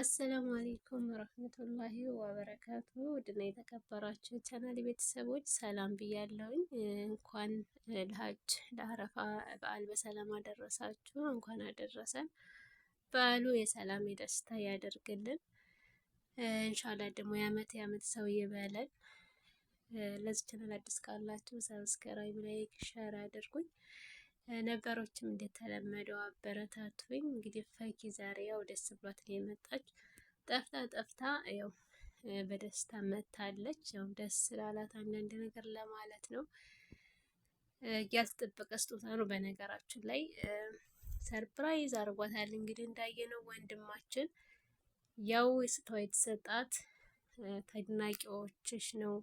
አሰላሙ አሌይኩም ወረህመቱላሂ ወበረካቱ ውድና የተከበራችሁ ቻናል ቤተሰቦች ሰላም ብያለሁኝ። እንኳን ለሀጅ ለአረፋ በዓል በሰላም አደረሳችሁ፣ እንኳን አደረሰን። በዓሉ የሰላም የደስታ ያደርግልን። እንሻላ ደግሞ የአመት የአመት ሰው ይበለን። ለዚህ ቻናል አዲስ ካላችሁ ሰብስክራይብ፣ ላይክ፣ ሸር አድርጉኝ። ነባሮችም እንደተለመደው አበረታቱኝ። እንግዲህ ፈኪ ዛሬ ያው ደስ ብሏት ነው የመጣች። ጠፍታ ጠፍታ ያው በደስታ መታለች። ያው ደስ ስላላት አንዳንድ ነገር ለማለት ነው። ያልተጠበቀ ስጦታ ነው በነገራችን ላይ ሰርፕራይዝ አድርጓታል። እንግዲህ እንዳየነው ወንድማችን ያው ስጦታ የተሰጣት ተድናቂዎችሽ ነው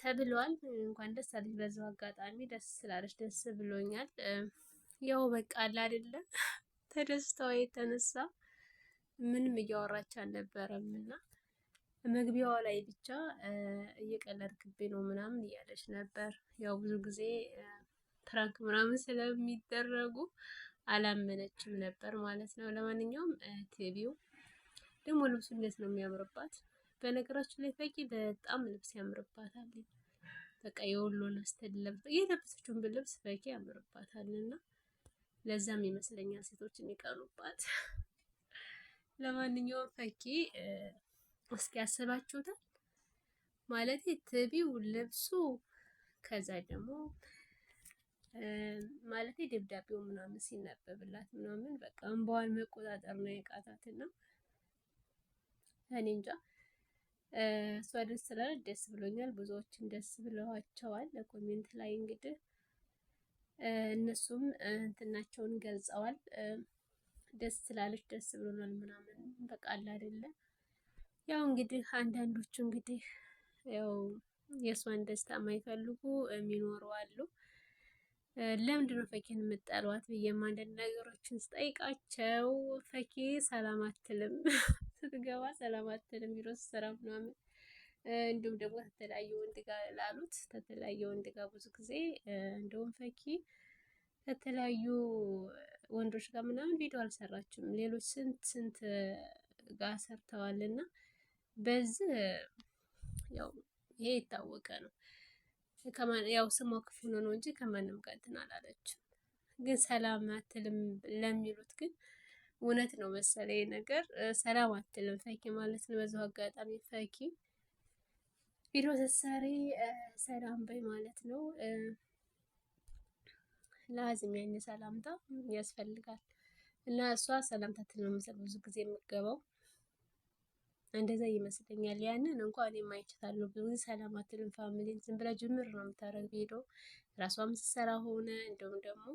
ተብሏል። እንኳን ደስ አለሽ። በዛው አጋጣሚ ደስ ስላለሽ ደስ ብሎኛል። ያው በቃ አለ አይደለም ተደስተው የተነሳ ምንም እያወራች አልነበረም እና መግቢያዋ ላይ ብቻ እየቀለድክብኝ ነው ምናምን እያለች ነበር። ያው ብዙ ጊዜ ፕራንክ ምናምን ስለሚደረጉ አላመነችም ነበር ማለት ነው። ለማንኛውም ቲቪው ደግሞ ልብሱ እንዴት ነው የሚያምርባት! በነገራችን ላይ ፈቂ በጣም ልብስ ያምርባታል። በቃ የወሎን አስተል ለብሳ የለበሰችውን ልብስ ፈቂ ያምርባታል እና ለዛም ይመስለኛል ሴቶች የሚቀሩባት። ለማንኛውም ፈኪ እስኪ ያስባችሁታል ማለት ትቢው ልብሱ ከዛ ደግሞ ማለት ደብዳቤው ምናምን ሲነበብላት ምናምን በቃ እንባዋን መቆጣጠር ነው የቃታትና እኔ እንጃ። እሷ ደስ ስላለች ደስ ብሎኛል። ብዙዎችን ደስ ብለዋቸዋል። ለኮሜንት ላይ እንግዲህ እነሱም እንትናቸውን ገልጸዋል። ደስ ስላለች ደስ ብሎናል ምናምን በቃ አይደለ። ያው እንግዲህ አንዳንዶቹ እንግዲህ ያው የእሷን ደስታ የማይፈልጉ የሚኖሩ አሉ። ለምንድን ነው ፈኪን የምጠሏት ብዬም አንዳንድ ነገሮችን ስጠይቃቸው ፈኪ ሰላም አትልም ስትገባ ሰላም አትልም፣ ቢሮ ስትሰራ ምናምን እንዲሁም ደግሞ ተተለያየ ወንድ ጋር ላሉት ተተለያየ ወንድ ጋር ብዙ ጊዜ እንደውም ፈኪ ከተለያዩ ወንዶች ጋር ምናምን ቪዲዮ አልሰራችም። ሌሎች ስንት ስንት ጋር ሰርተዋል እና በዚህ ያው ይሄ የታወቀ ነው። ያው ስሟ ክፉ ነው እንጂ ከማንም ጋር እንትን አላለችም። ግን ሰላም አትልም ለሚሉት ግን እውነት ነው መሰለኝ ነገር ሰላም አትልም ፈኪ ማለት ነው። በዛው አጋጣሚ ፈኪ ቪዲዮ ተሰሪ ሰላም በይ ማለት ነው። ለአዝም ያን ሰላምታ ያስፈልጋል እና እሷ ሰላምታ ትለምሰል ብዙ ጊዜ የምትገባው እንደዛ ይመስለኛል። ያንን እንኳን እኔም አይቻታለሁ። ብዙ ሰላም አትልም ፋሚሊን ዝም ብላ ጅምር ነው የምታደርግ ቪዲዮ ራሷም ስትሰራ ሆነ እንደውም ደግሞ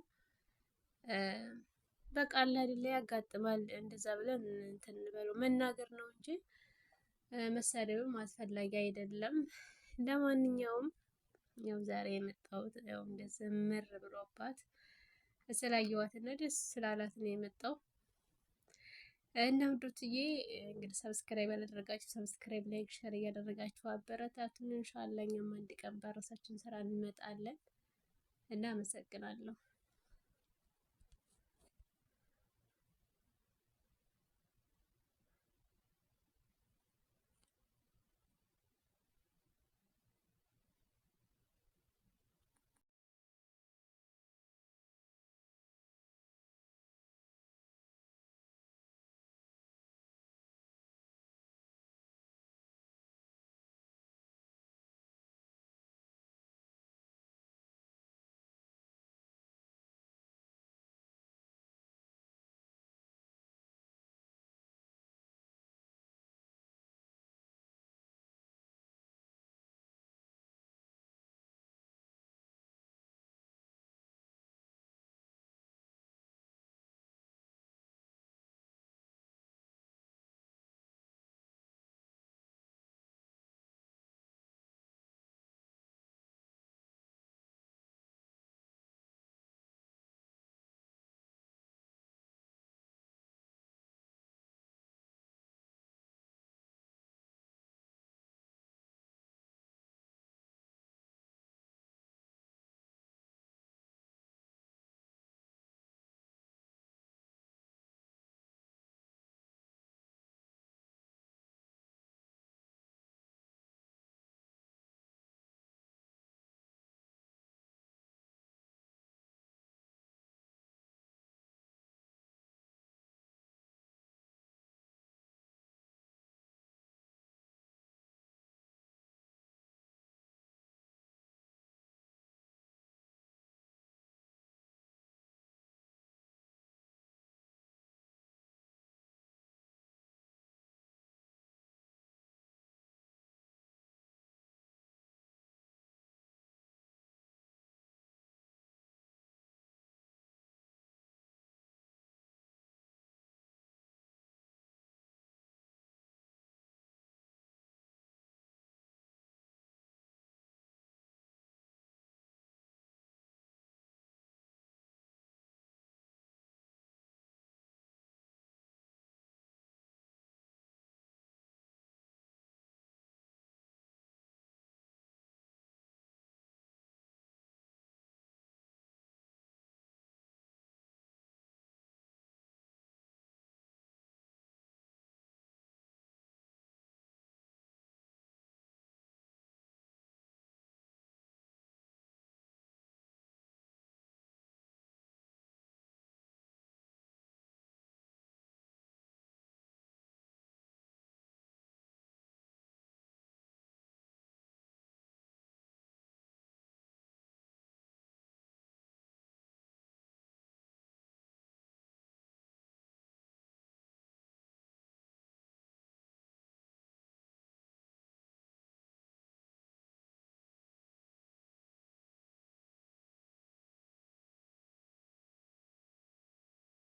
በቃ አይደለ ያጋጥማል እንደዛ ብለን እንትን እንበለው መናገር ነው እንጂ መሳደብም አስፈላጊ አይደለም። ለማንኛውም ያው ዛሬ የመጣሁት ያው እንደዚህ ምር ብሎባት እና ደስ ስላላት ነው የመጣው እና ውዶትዬ እንግዲህ ሰብስክራይብ ያደረጋችሁ ሰብስክራይብ፣ ላይክ፣ ሸር እያደረጋችሁ አበረታቱን። ኢንሻአላህ እኛም አንድ ቀን በራሳችን ስራ እንመጣለን እና አመሰግናለሁ።